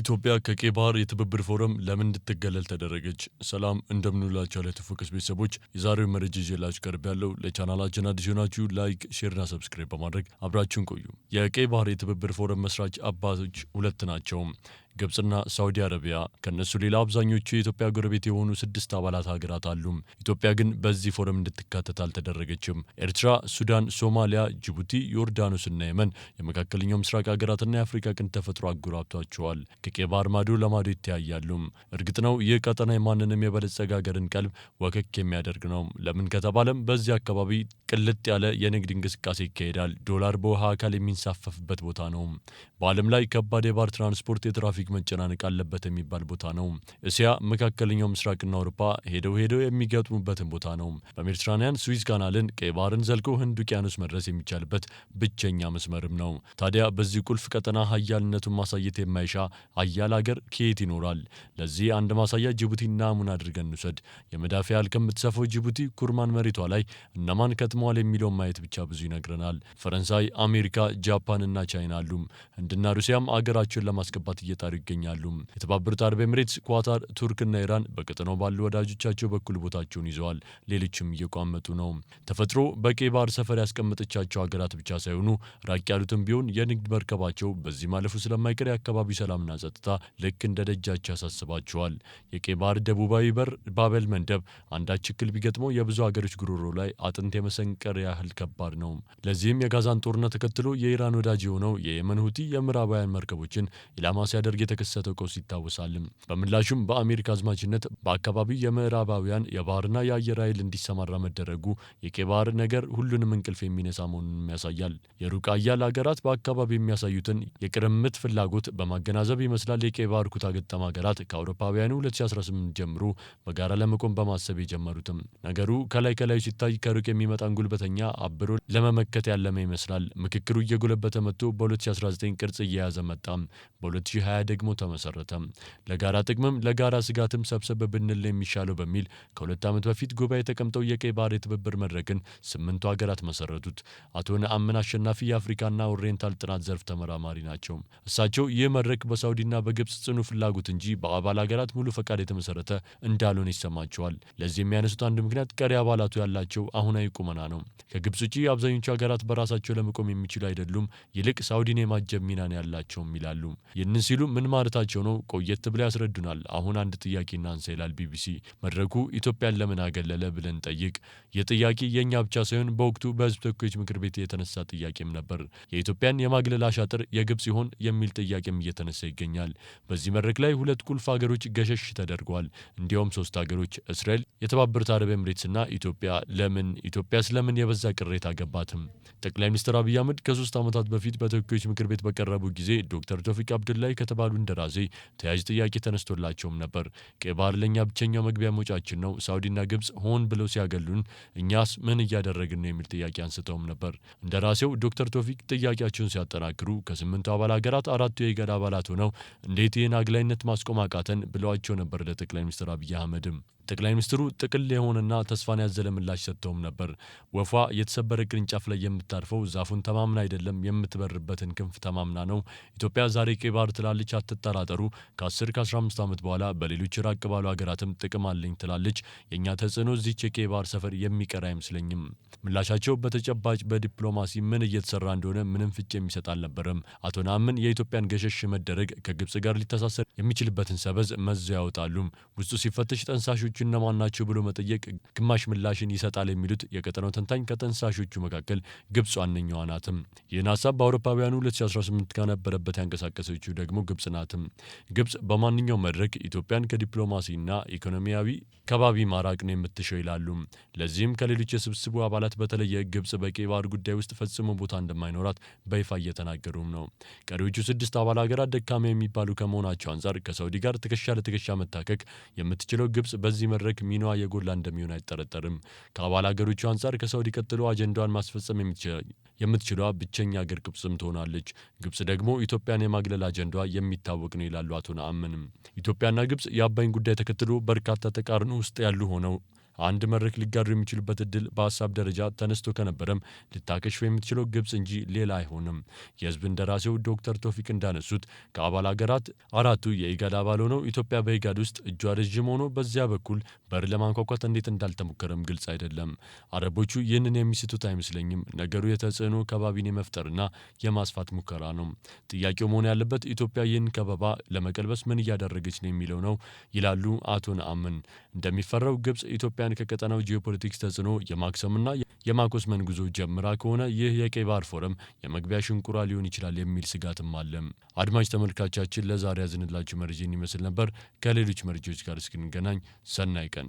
ኢትዮጵያ ከቀይ ባህር የትብብር ፎረም ለምን እንድትገለል ተደረገች? ሰላም እንደምንውላቸው ላይ ተፎከስ ቤተሰቦች የዛሬው መረጃ ይዤላችሁ ቀርብ ያለው ለቻናላችን አዲስ ሆናችሁ ላይክ፣ ሼርና ሰብስክራይብ በማድረግ አብራችሁን ቆዩ። የቀይ ባህር የትብብር ፎረም መስራች አባቶች ሁለት ናቸው። ግብፅና ሳውዲ አረቢያ ከእነሱ ሌላ አብዛኞቹ የኢትዮጵያ ጎረቤት የሆኑ ስድስት አባላት ሀገራት አሉ። ኢትዮጵያ ግን በዚህ ፎረም እንድትካተት አልተደረገችም። ኤርትራ፣ ሱዳን፣ ሶማሊያ፣ ጅቡቲ፣ ዮርዳኖስና የመን የመካከለኛው ምስራቅ ሀገራትና የአፍሪካ ቀንድ ተፈጥሮ አጉራብቷቸዋል። ከቀይ ባህር ማዶ ለማዶ ይተያያሉ። እርግጥ ነው ይህ ቀጠና የማንንም የበለጸገ ሀገርን ቀልብ ወከክ የሚያደርግ ነው። ለምን ከተባለም በዚህ አካባቢ ቅልጥ ያለ የንግድ እንቅስቃሴ ይካሄዳል። ዶላር በውሃ አካል የሚንሳፈፍበት ቦታ ነው። በዓለም ላይ ከባድ የባህር ትራንስፖርት የትራፊክ እጅግ መጨናነቅ አለበት የሚባል ቦታ ነው። እስያ፣ መካከለኛው ምስራቅና አውሮፓ ሄደው ሄደው የሚገጥሙበትን ቦታ ነው። በሜዲትራንያን ስዊዝ ካናልን ቀይ ባህርን ዘልቆ ህንድ ውቅያኖስ መድረስ የሚቻልበት ብቸኛ መስመርም ነው። ታዲያ በዚህ ቁልፍ ቀጠና ሀያልነቱን ማሳየት የማይሻ ሀያል ሀገር ከየት ይኖራል? ለዚህ አንድ ማሳያ ጅቡቲ ሙን አድርገን እንውሰድ። የመዳፊ ያህል ከምትሰፈው ጅቡቲ ኩርማን መሬቷ ላይ እነማን ከትመዋል የሚለውን ማየት ብቻ ብዙ ይነግረናል። ፈረንሳይ፣ አሜሪካ፣ ጃፓን እና ቻይና አሉም። ህንድና ሩሲያም አገራቸውን ለማስገባት እየጣሩ ይገኛሉ። የተባበሩት አረብ ኤምሬትስ፣ ኳታር፣ ቱርክና ኢራን በቀጠናው ባሉ ወዳጆቻቸው በኩል ቦታቸውን ይዘዋል። ሌሎችም እየቋመጡ ነው። ተፈጥሮ በቀይ ባህር ሰፈር ያስቀመጠቻቸው ሀገራት ብቻ ሳይሆኑ ራቅ ያሉትም ቢሆን የንግድ መርከባቸው በዚህ ማለፉ ስለማይቀር የአካባቢ ሰላምና ጸጥታ ልክ እንደ ደጃቸው ያሳስባቸዋል። የቀይ ባህር ደቡባዊ በር ባበል መንደብ አንዳች ችክል ቢገጥመው የብዙ ሀገሮች ጉሮሮ ላይ አጥንት የመሰንቀር ያህል ከባድ ነው። ለዚህም የጋዛን ጦርነት ተከትሎ የኢራን ወዳጅ የሆነው የየመን ሁቲ የምዕራባውያን መርከቦችን ኢላማ ሲያደርግ የተከሰተው ቀውስ ይታወሳል። በምላሹም በአሜሪካ አዝማችነት በአካባቢው የምዕራባውያን የባህርና የአየር ኃይል እንዲሰማራ መደረጉ የቀይ ባህር ነገር ሁሉንም እንቅልፍ የሚነሳ መሆኑንም ያሳያል። የሩቅ አያል ሀገራት በአካባቢ የሚያሳዩትን የቅርምት ፍላጎት በማገናዘብ ይመስላል የቀይ ባህር ኩታ ገጠም ሀገራት ከአውሮፓውያኑ 2018 ጀምሮ በጋራ ለመቆም በማሰብ የጀመሩትም። ነገሩ ከላይ ከላዩ ሲታይ ከሩቅ የሚመጣን ጉልበተኛ አብሮ ለመመከት ያለመ ይመስላል። ምክክሩ እየጎለበተ መጥቶ በ2019 ቅርጽ እየያዘ መጣም። በ2020 ደግሞ ተመሰረተ። ለጋራ ጥቅምም ለጋራ ስጋትም ሰብሰብ ብንል የሚሻለው በሚል ከሁለት ዓመት በፊት ጉባኤ ተቀምጠው የቀይ ባህር የትብብር መድረክን ስምንቱ ሀገራት መሰረቱት። አቶ ነአምን አሸናፊ የአፍሪካና ኦሪየንታል ጥናት ዘርፍ ተመራማሪ ናቸው። እሳቸው ይህ መድረክ በሳውዲና በግብፅ ጽኑ ፍላጎት እንጂ በአባል ሀገራት ሙሉ ፈቃድ የተመሰረተ እንዳልሆነ ይሰማቸዋል። ለዚህ የሚያነሱት አንድ ምክንያት ቀሪ አባላቱ ያላቸው አሁናዊ ቁመና ነው። ከግብፅ ውጪ አብዛኞቹ ሀገራት በራሳቸው ለመቆም የሚችሉ አይደሉም። ይልቅ ሳውዲን የማጀብ ሚናን ያላቸውም ይላሉ። ይህንን ሲሉ ምን ማለታቸው ነው? ቆየት ብለው ያስረዱናል። አሁን አንድ ጥያቄ እናንሳ ይላል ቢቢሲ። መድረኩ ኢትዮጵያን ለምን አገለለ ብለን ጠይቅ። የጥያቄ የእኛ ብቻ ሳይሆን በወቅቱ በህዝብ ተወካዮች ምክር ቤት የተነሳ ጥያቄም ነበር። የኢትዮጵያን የማግለል አሻጥር የግብጽ ይሆን የሚል ጥያቄም እየተነሳ ይገኛል። በዚህ መድረክ ላይ ሁለት ቁልፍ ሀገሮች ገሸሽ ተደርገዋል። እንዲያውም ሶስት ሀገሮች እስራኤል፣ የተባበሩት አረብ ኤምሬትስና ኢትዮጵያ። ለምን ኢትዮጵያ ስለምን የበዛ ቅሬታ አገባትም? ጠቅላይ ሚኒስትር አብይ አህመድ ከሶስት ዓመታት በፊት በተወካዮች ምክር ቤት በቀረቡ ጊዜ ዶክተር ቶፊቅ አብዱላይ ከተባ የተባሉ እንደራሴ ተያዥ ጥያቄ ተነስቶላቸውም ነበር። ቀይ ባህር ለእኛ ብቸኛው መግቢያ መውጫችን ነው፣ ሳውዲና ግብፅ ሆን ብለው ሲያገሉን እኛስ ምን እያደረግን ነው የሚል ጥያቄ አንስተውም ነበር። እንደራሴው ዶክተር ቶፊክ ጥያቄያቸውን ሲያጠናክሩ ከስምንቱ አባል ሀገራት አራቱ የኢጋድ አባላት ሆነው እንዴት ይህን አግላይነት ማስቆም አቃተን ብለዋቸው ነበር ለጠቅላይ ሚኒስትር አብይ አህመድም ጠቅላይ ሚኒስትሩ ጥቅል የሆነና ተስፋን ያዘለ ምላሽ ሰጥተውም ነበር። ወፏ የተሰበረ ቅርንጫፍ ላይ የምታርፈው ዛፉን ተማምና አይደለም፣ የምትበርበትን ክንፍ ተማምና ነው። ኢትዮጵያ ዛሬ ቀይ ባህር ትላለች፣ አትጠራጠሩ። ከ10 ከ15 ዓመት በኋላ በሌሎች ራቅ ባሉ ሀገራትም ጥቅም አለኝ ትላለች። የእኛ ተጽዕኖ እዚች የቀይ ባህር ሰፈር የሚቀር አይመስለኝም። ምላሻቸው በተጨባጭ በዲፕሎማሲ ምን እየተሰራ እንደሆነ ምንም ፍጭ የሚሰጥ አልነበረም። አቶ ናምን የኢትዮጵያን ገሸሽ መደረግ ከግብጽ ጋር ሊተሳሰር የሚችልበትን ሰበዝ መዘው ያወጣሉ። ውስጡ ሲፈተሽ ጠንሳሾች ተጠርጣሪዎች እነማን ናቸው ብሎ መጠየቅ ግማሽ ምላሽን ይሰጣል የሚሉት የቀጠናው ተንታኝ ከተንሳሾቹ መካከል ግብፅ ዋነኛዋ ናትም። ይህን ሀሳብ በአውሮፓውያኑ 2018 ከነበረበት ያንቀሳቀሰችው ደግሞ ግብፅ ናትም። ግብፅ በማንኛውም መድረክ ኢትዮጵያን ከዲፕሎማሲና ኢኮኖሚያዊ ከባቢ ማራቅ ነው የምትሸው ይላሉ። ለዚህም ከሌሎች የስብስቡ አባላት በተለየ ግብፅ በቀይ ባህር ጉዳይ ውስጥ ፈጽሞ ቦታ እንደማይኖራት በይፋ እየተናገሩም ነው። ቀሪዎቹ ስድስት አባል ሀገራት ደካማ የሚባሉ ከመሆናቸው አንጻር ከሳውዲ ጋር ትከሻ ለትከሻ መታከክ የምትችለው ግብፅ በዚህ በዚህ መድረክ ሚናዋ የጎላ እንደሚሆን አይጠረጠርም። ከአባል ሀገሮቹ አንጻር ከሳውዲ ቀጥሎ አጀንዳዋን ማስፈጸም የምትችለዋ ብቸኛ ሀገር ግብጽም ትሆናለች። ግብጽ ደግሞ ኢትዮጵያን የማግለል አጀንዳዋ የሚታወቅ ነው ይላሉ አቶ ነአምንም። ኢትዮጵያና ግብጽ የአባይን ጉዳይ ተከትሎ በርካታ ተቃርኖ ውስጥ ያሉ ሆነው አንድ መድረክ ሊጋሩ የሚችሉበት እድል በሀሳብ ደረጃ ተነስቶ ከነበረም ልታከሽፍ የምትችለው ግብጽ እንጂ ሌላ አይሆንም። የህዝብ እንደራሴው ዶክተር ቶፊቅ እንዳነሱት ከአባል ሀገራት አራቱ የኢጋድ አባል ሆነው ኢትዮጵያ በኢጋድ ውስጥ እጇ ረዥም ሆኖ በዚያ በኩል በር ለማንኳኳት እንዴት እንዳልተሞከረም ግልጽ አይደለም። አረቦቹ ይህንን የሚስቱት አይመስለኝም። ነገሩ የተጽዕኖ ከባቢን የመፍጠርና የማስፋት ሙከራ ነው። ጥያቄው መሆን ያለበት ኢትዮጵያ ይህን ከበባ ለመቀልበስ ምን እያደረገች ነው የሚለው ነው ይላሉ አቶ ነአምን። እንደሚፈራው ግብጽ ኢትዮጵያ አውሮፓውያን ከቀጠናው ጂኦፖለቲክስ ተጽዕኖ የማክሰምና የማኮስመን ጉዞ ጀምራ ከሆነ ይህ የቀይ ባህር ፎረም የመግቢያ ሽንቁራ ሊሆን ይችላል የሚል ስጋትም አለ። አድማጭ ተመልካቻችን ለዛሬ ያዝንላችሁ መረጃን ይመስል ነበር። ከሌሎች መረጃዎች ጋር እስክንገናኝ ሰናይ ቀን